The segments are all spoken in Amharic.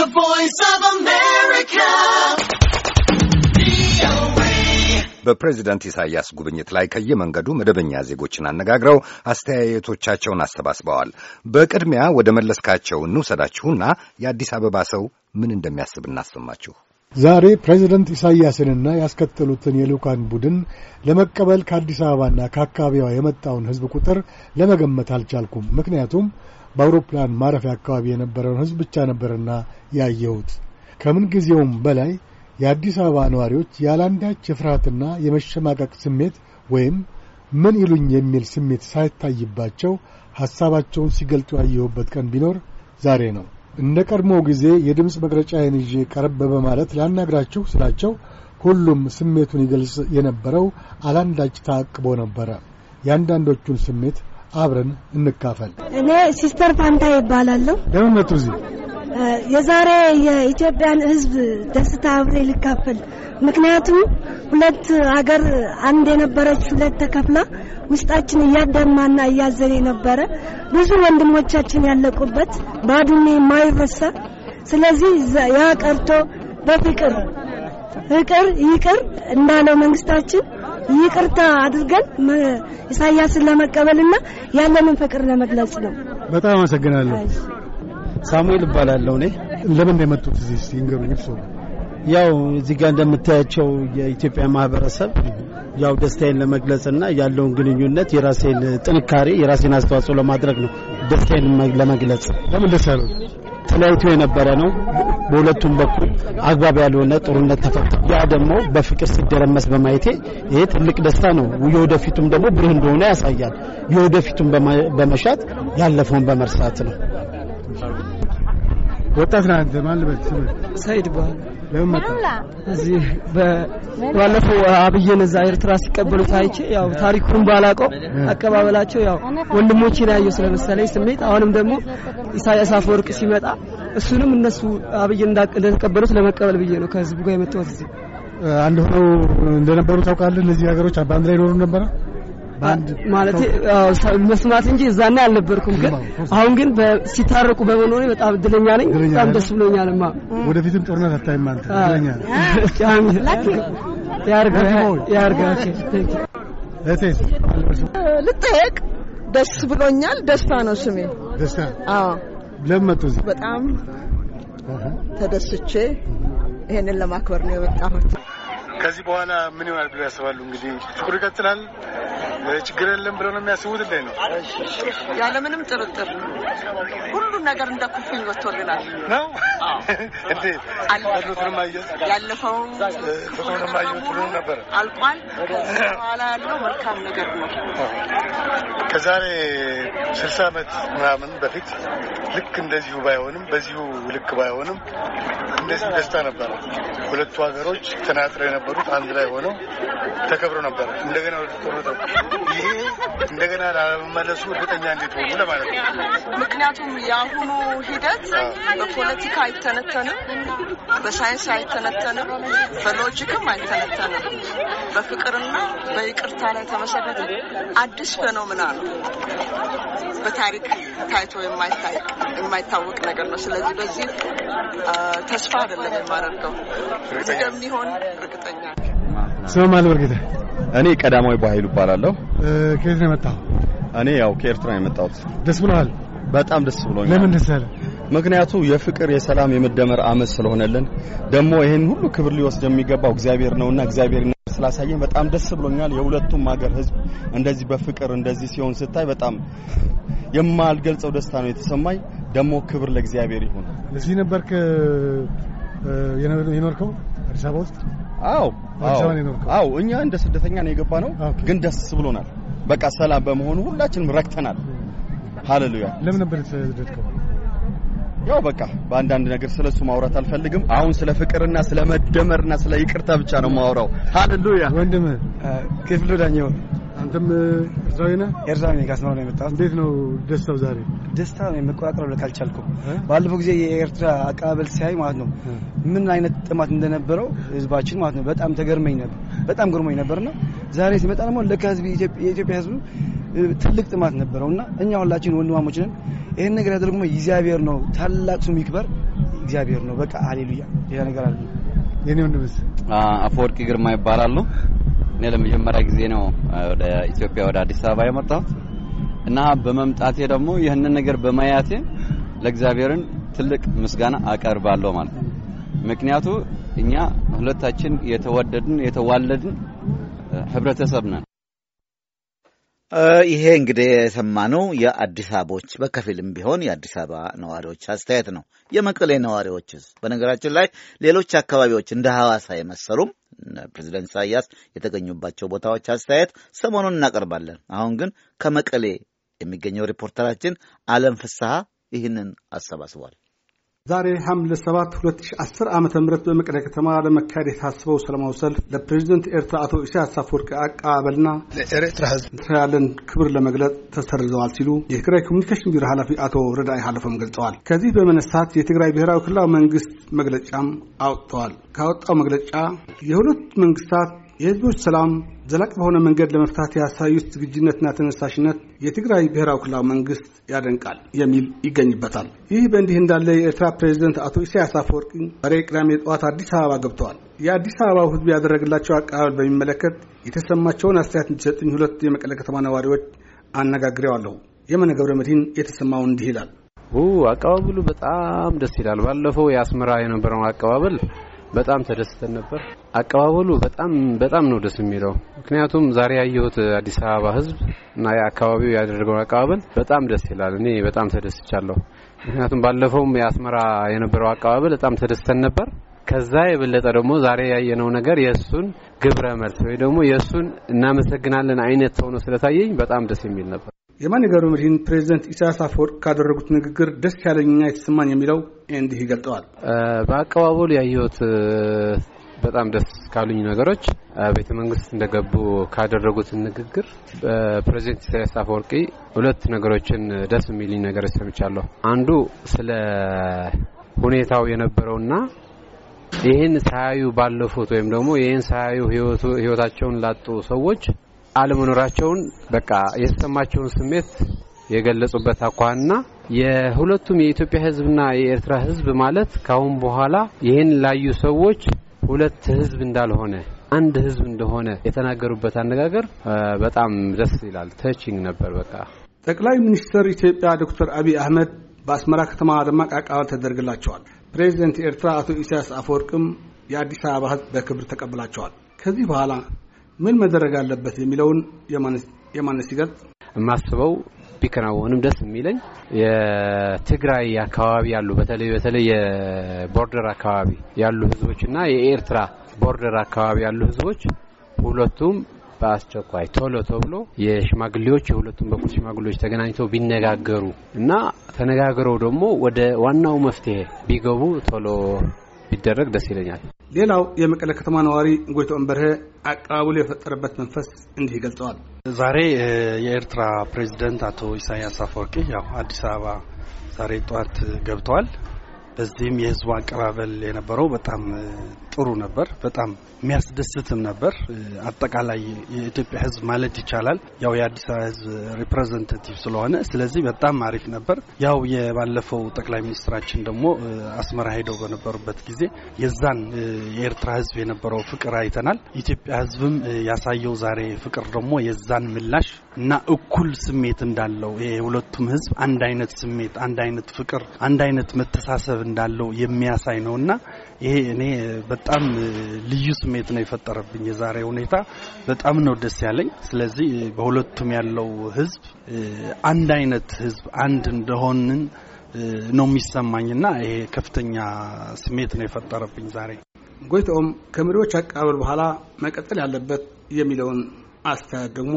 The Voice of America. በፕሬዚደንት ኢሳያስ ጉብኝት ላይ ከየመንገዱ መደበኛ ዜጎችን አነጋግረው አስተያየቶቻቸውን አሰባስበዋል። በቅድሚያ ወደ መለስካቸው እንውሰዳችሁና የአዲስ አበባ ሰው ምን እንደሚያስብ እናሰማችሁ። ዛሬ ፕሬዚደንት ኢሳያስንና ያስከተሉትን የልዑካን ቡድን ለመቀበል ከአዲስ አበባና ከአካባቢዋ የመጣውን ሕዝብ ቁጥር ለመገመት አልቻልኩም። ምክንያቱም በአውሮፕላን ማረፊያ አካባቢ የነበረውን ህዝብ ብቻ ነበርና ያየሁት። ከምን ጊዜውም በላይ የአዲስ አበባ ነዋሪዎች ያላንዳች የፍርሃትና የመሸማቀቅ ስሜት ወይም ምን ይሉኝ የሚል ስሜት ሳይታይባቸው ሐሳባቸውን ሲገልጡ ያየሁበት ቀን ቢኖር ዛሬ ነው። እንደ ቀድሞ ጊዜ የድምፅ መቅረጫዬን ይዤ ቀረብ በማለት ላናግራችሁ ስላቸው ሁሉም ስሜቱን ይገልጽ የነበረው አላንዳች ታቅቦ ነበረ። የአንዳንዶቹን ስሜት አብረን እንካፈል። እኔ ሲስተር ፋንታ ይባላለሁ። መጡ እዚህ የዛሬ የኢትዮጵያን ሕዝብ ደስታ አብሬ ልካፈል። ምክንያቱም ሁለት አገር አንድ የነበረች ሁለት ተከፍላ ውስጣችን እያደማና እያዘን የነበረ ብዙ ወንድሞቻችን ያለቁበት ባድሜ የማይረሳ ስለዚህ ያ ቀርቶ በፍቅር ፍቅር ይቅር እንዳለው መንግስታችን ይቅርታ አድርገን ኢሳያስን ለመቀበልና ያለንን ፍቅር ለመግለጽ ነው። በጣም አመሰግናለሁ። ሳሙኤል እባላለሁ። እኔ ለምን የመጡት እዚህ ይንገሩኝ። ያው እዚህ ጋር እንደምታያቸው የኢትዮጵያ ማህበረሰብ ያው ደስታዬን ለመግለጽና ያለውን ግንኙነት የራሴን ጥንካሬ የራሴን አስተዋጽኦ ለማድረግ ነው። ደስታዬን ለመግለጽ ለምን ደስ ያለው ተለያይቶ የነበረ ነው በሁለቱም በኩል አግባብ ያልሆነ ጦርነት ተፈጠረ። ያ ደግሞ በፍቅር ሲደረመስ በማየቴ ይሄ ትልቅ ደስታ ነው። የወደፊቱም ደግሞ ብሩህ እንደሆነ ያሳያል። የወደፊቱን በመሻት ያለፈውን በመርሳት ነው። ወጣት ናንተ ማን ልበል? ሰይድ በኋላ ለምን መጣ እዚህ? ባለፈው አብይን እዛ ኤርትራ ሲቀበሉት ያው ታሪኩን ባላውቀው አቀባበላቸው ያው ላይ ያየው ስለመሰለኝ ስሜት አሁንም ደግሞ ኢሳያስ አፈወርቅ ሲመጣ እሱንም እነሱ አብይ እንደተቀበሉት ለመቀበል ብዬ ነው ከህዝቡ ጋር የመጣሁት። እዚህ አንድ ሆነው እንደነበሩ ታውቃለህ። እነዚህ ሀገሮች በአንድ ላይ ኖሩ ነበረ ማለት መስማት እንጂ እዛና አልነበርኩም። ግን አሁን ግን ሲታረቁ በመኖሬ በጣም እድለኛ ነኝ። በጣም ደስ ብሎኛልማ። ወደፊትም ጦርነት አታይም አንተ እድለኛ ልጠየቅ ደስ ብሎኛል። ደስታ ነው ስሜ። ደስታ አዎ ለመጡ እዚህ በጣም ተደስቼ ይሄንን ለማክበር ነው የመጣሁት። ከዚህ በኋላ ምን ይሆናል ብለው ያስባሉ? እንግዲህ ፍቅሩ ይቀጥላል፣ ችግር የለም ብለው ነው የሚያስቡት። ላይ ነው ያለምንም ጥርጥር ሁሉን ነገር እንደ ኩፍኝ ወጥቶልናል ነው ያለፈው ነበር አልቋል። በኋላ ያለው መልካም ነገር ነው። ከዛሬ ስልሳ ዓመት ምናምን በፊት ልክ እንደዚሁ ባይሆንም በዚሁ ልክ ባይሆንም እንደዚህ ደስታ ነበረ። ሁለቱ ሀገሮች ተናጥረው የነበሩት አንድ ላይ ሆነው ተከብሮ ነበረ። እንደገና ይሄ እንደገና ላለመመለሱ እርግጠኛ እንዴት ሆኑ ለማለት ነው። ምክንያቱም የአሁኑ ሂደት በፖለቲካ አይተነተንም፣ በሳይንስ አይተነተንም፣ በሎጂክም አይተነተንም። በፍቅርና በይቅርታ ላይ ተመሰረተ አዲስ ፌኖምና ነው። በታሪክ ታይቶ የማይታወቅ ነገር ነው። ስለዚህ በዚህ ተስፋ አይደለም የማደርገው እንደሚሆን እርግጠኛ ስመማል በርግተ እኔ ቀዳማዊ በኃይሉ እባላለሁ። ከየት ነው የመጣው? እኔ ያው ከኤርትራ ነው የመጣሁት። ደስ ብሎሃል? በጣም ደስ ብሎኛል። ለምን ደስ ያለ ምክንያቱ የፍቅር የሰላም የመደመር አመት ስለሆነልን ደግሞ ይህን ሁሉ ክብር ሊወስድ የሚገባው እግዚአብሔር ነውና እግዚአብሔር ስላሳየን በጣም ደስ ብሎኛል። የሁለቱም ሀገር ህዝብ እንደዚህ በፍቅር እንደዚህ ሲሆን ስታይ በጣም የማልገልጸው ደስታ ነው የተሰማኝ። ደግሞ ክብር ለእግዚአብሔር ይሁን። እዚህ ነበርክ የኖርከው አዲስ አበባ ውስጥ? አዎ አዎ፣ እኛ እንደ ስደተኛ ነው የገባ ነው፣ ግን ደስ ብሎናል። በቃ ሰላም በመሆኑ ሁላችንም ረክተናል። ሃሌሉያ። ለምን ነበር የተሰደድከው? ያው በቃ በአንዳንድ ነገር ስለሱ ማውራት አልፈልግም። አሁን ስለ ፍቅርና ስለ መደመርና ስለ ይቅርታ ብቻ ነው ማውራው። ሃሌሉያ ወንድም ክፍሉ ዳኘው አንተም ኤርትራዊ ነህ? ኤርትራዊ ነኝ። ከአስመራ ነው የመጣሁት። እንዴት ነው ደስታው ዛሬ? ደስታ ነው መቆጣጠር ካልቻልኩም። ባለፈው ጊዜ የኤርትራ አቀባበል ሲያይ ማለት ነው ምን አይነት ጥማት እንደነበረው ህዝባችን ማለት ነው በጣም ተገርመኝ ነበር፣ በጣም ገርሞኝ ነበርና ዛሬ ሲመጣ ደግሞ ለካ ህዝብ የኢትዮጵያ ህዝብ ትልቅ ጥማት ነበረውና እኛ ሁላችን ወንድማሞች ነን። ይህን ነገር ያደርግሞ እግዚአብሔር ነው። ታላቅ ስሙ ይክበር እግዚአብሔር ነው። በቃ ሃሌሉያ። ሌላ ነገር አለ። የኔ ወንድምስ አፈወርቂ ግርማ ይባላሉ። እኔ ለመጀመሪያ ጊዜ ነው ወደ ኢትዮጵያ ወደ አዲስ አበባ የመጣሁት እና በመምጣቴ ደግሞ ይህንን ነገር በማያቴ ለእግዚአብሔርን ትልቅ ምስጋና አቀርባለሁ ማለት ነው። ምክንያቱ እኛ ሁለታችን የተወደድን የተዋለድን ህብረተሰብ ነን። ይሄ እንግዲህ የሰማነው የአዲስ አበቦች በከፊልም ቢሆን የአዲስ አበባ ነዋሪዎች አስተያየት ነው። የመቀሌ ነዋሪዎችስ? በነገራችን ላይ ሌሎች አካባቢዎች እንደ ሐዋሳ የመሰሉም ፕሬዚደንት ኢሳያስ የተገኙባቸው ቦታዎች አስተያየት ሰሞኑን እናቀርባለን። አሁን ግን ከመቀሌ የሚገኘው ሪፖርተራችን አለም ፍስሐ ይህንን አሰባስቧል። ዛሬ ሐምሌ 7 2010 ዓ ም በመቀለ ከተማ ለመካሄድ የታስበው ሰላማዊ ሰልፍ ለፕሬዚደንት ኤርትራ አቶ ኢሳያስ አፈወርቅ አቀባበልና ለኤርትራ ህዝብ ያለን ክብር ለመግለጽ ተሰርዘዋል ሲሉ የትግራይ ኮሚኒኬሽን ቢሮ ኃላፊ አቶ ረዳይ ሃለፎም ገልጸዋል። ከዚህ በመነሳት የትግራይ ብሔራዊ ክልላዊ መንግስት መግለጫም አውጥተዋል። ካወጣው መግለጫ የሁለት መንግስታት የህዝቦች ሰላም ዘላቂ በሆነ መንገድ ለመፍታት ያሳዩት ዝግጅነትና ተነሳሽነት የትግራይ ብሔራዊ ክልላዊ መንግስት ያደንቃል የሚል ይገኝበታል። ይህ በእንዲህ እንዳለ የኤርትራ ፕሬዚደንት አቶ ኢሳያስ አፈወርቂ ዛሬ ቅዳሜ ጠዋት አዲስ አበባ ገብተዋል። የአዲስ አበባው ህዝብ ያደረግላቸው አቀባበል በሚመለከት የተሰማቸውን አስተያየት እንዲሰጡኝ ሁለት የመቀለ ከተማ ነዋሪዎች አነጋግሬዋለሁ። የመነ ገብረ መድህን የተሰማው እንዲህ ይላል። አቀባበሉ በጣም ደስ ይላል። ባለፈው የአስመራ የነበረው አቀባበል በጣም ተደስተን ነበር። አቀባበሉ በጣም በጣም ነው ደስ የሚለው። ምክንያቱም ዛሬ ያየሁት አዲስ አበባ ህዝብ እና የአካባቢው ያደረገውን አቀባበል በጣም ደስ ይላል። እኔ በጣም ተደስቻለሁ። ምክንያቱም ባለፈውም የአስመራ የነበረው አቀባበል በጣም ተደስተን ነበር። ከዛ የበለጠ ደግሞ ዛሬ ያየነው ነገር የእሱን ግብረ መልስ ወይ ደግሞ የእሱን እናመሰግናለን አይነት ሆኖ ስለታየኝ በጣም ደስ የሚል ነበር። የማን ገብረ መድህን ፕሬዚደንት ኢሳያስ አፈወርቅ ካደረጉት ንግግር ደስ ያለኝና የተሰማኝ የሚለው እንዲህ ይገልጠዋል። በአቀባበሉ ያየሁት በጣም ደስ ካሉኝ ነገሮች ቤተ መንግስት እንደገቡ ካደረጉት ንግግር በፕሬዚደንት ኢሳያስ አፈወርቂ ሁለት ነገሮችን ደስ የሚልኝ ነገር ሰምቻለሁ። አንዱ ስለ ሁኔታው የነበረውና ይህን ሳያዩ ባለፉት ወይም ደግሞ ይህን ሳያዩ ህይወታቸውን ላጡ ሰዎች አለመኖራቸውን በቃ የተሰማቸውን ስሜት የገለጹበት አኳኋንና የሁለቱም የኢትዮጵያ ህዝብና የኤርትራ ህዝብ ማለት ካሁን በኋላ ይህን ላዩ ሰዎች ሁለት ህዝብ እንዳልሆነ አንድ ህዝብ እንደሆነ የተናገሩበት አነጋገር በጣም ደስ ይላል። ተቺንግ ነበር። በቃ ጠቅላይ ሚኒስትር ኢትዮጵያ ዶክተር አብይ አህመድ በአስመራ ከተማ ደማቅ አቀባበል ተደርግላቸዋል። ፕሬዚደንት ኤርትራ አቶ ኢሳያስ አፈወርቅም የአዲስ አበባ ህዝብ በክብር ተቀብላቸዋል። ከዚህ በኋላ ምን መደረግ አለበት የሚለውን የማነስ ሲገልጽ የማስበው ቢከናወንም ደስ የሚለኝ የትግራይ አካባቢ ያሉ በተለይ በተለይ የቦርደር አካባቢ ያሉ ህዝቦችና የኤርትራ ቦርደር አካባቢ ያሉ ህዝቦች ሁለቱም በአስቸኳይ ቶሎ ተብሎ የሽማግሌዎች የሁለቱም በኩል ሽማግሌዎች ተገናኝተው ቢነጋገሩ እና ተነጋግረው ደግሞ ወደ ዋናው መፍትሄ ቢገቡ ቶሎ ቢደረግ ደስ ይለኛል። ሌላው የመቀለ ከተማ ነዋሪ ጎይቶን በርሄ አቀባበሉ የፈጠረበት መንፈስ እንዲህ ይገልጸዋል። ዛሬ የኤርትራ ፕሬዚደንት አቶ ኢሳያስ አፈወርቂ ያው አዲስ አበባ ዛሬ ጠዋት ገብተዋል። በዚህም የህዝቡ አቀባበል የነበረው በጣም ጥሩ ነበር። በጣም የሚያስደስትም ነበር። አጠቃላይ የኢትዮጵያ ሕዝብ ማለት ይቻላል ያው የአዲስ አበባ ሕዝብ ሪፕሬዘንታቲቭ ስለሆነ ስለዚህ በጣም አሪፍ ነበር። ያው የባለፈው ጠቅላይ ሚኒስትራችን ደግሞ አስመራ ሄደው በነበሩበት ጊዜ የዛን የኤርትራ ሕዝብ የነበረው ፍቅር አይተናል። ኢትዮጵያ ሕዝብም ያሳየው ዛሬ ፍቅር ደግሞ የዛን ምላሽ እና እኩል ስሜት እንዳለው የሁለቱም ህዝብ አንድ አይነት ስሜት፣ አንድ አይነት ፍቅር፣ አንድ አይነት መተሳሰብ እንዳለው የሚያሳይ ነው እና ይሄ እኔ በጣም ልዩ ስሜት ነው የፈጠረብኝ። የዛሬ ሁኔታ በጣም ነው ደስ ያለኝ። ስለዚህ በሁለቱም ያለው ህዝብ አንድ አይነት ህዝብ አንድ እንደሆንን ነው የሚሰማኝና ይሄ ከፍተኛ ስሜት ነው የፈጠረብኝ ዛሬ። ጎይታኦም ከመሪዎች አቀባበል በኋላ መቀጠል ያለበት የሚለውን አስተያየት ደግሞ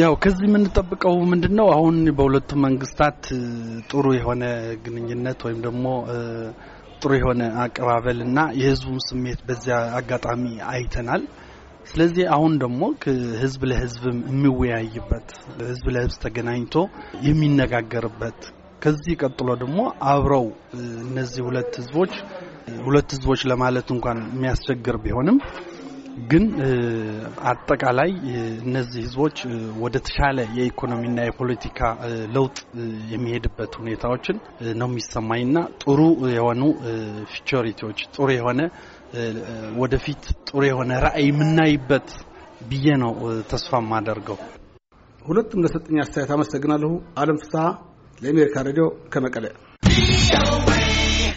ያው ከዚህ የምንጠብቀው ምንድን ነው? አሁን በሁለቱ መንግስታት ጥሩ የሆነ ግንኙነት ወይም ደግሞ ጥሩ የሆነ አቀባበል እና የህዝቡም ስሜት በዚያ አጋጣሚ አይተናል። ስለዚህ አሁን ደግሞ ህዝብ ለህዝብም የሚወያይበት ህዝብ ለህዝብ ተገናኝቶ የሚነጋገርበት ከዚህ ቀጥሎ ደግሞ አብረው እነዚህ ሁለት ህዝቦች ሁለት ህዝቦች ለማለት እንኳን የሚያስቸግር ቢሆንም ግን አጠቃላይ እነዚህ ህዝቦች ወደ ተሻለ የኢኮኖሚና የፖለቲካ ለውጥ የሚሄድበት ሁኔታዎችን ነው የሚሰማኝና ጥሩ የሆኑ ፊቸሪቲዎች ጥሩ የሆነ ወደፊት ጥሩ የሆነ ራዕይ የምናይበት ብዬ ነው ተስፋ የማደርገው። ሁለቱም ለሰጠኝ አስተያየት አመሰግናለሁ። አለም ፍስሀ ለአሜሪካ ሬዲዮ ከመቀለ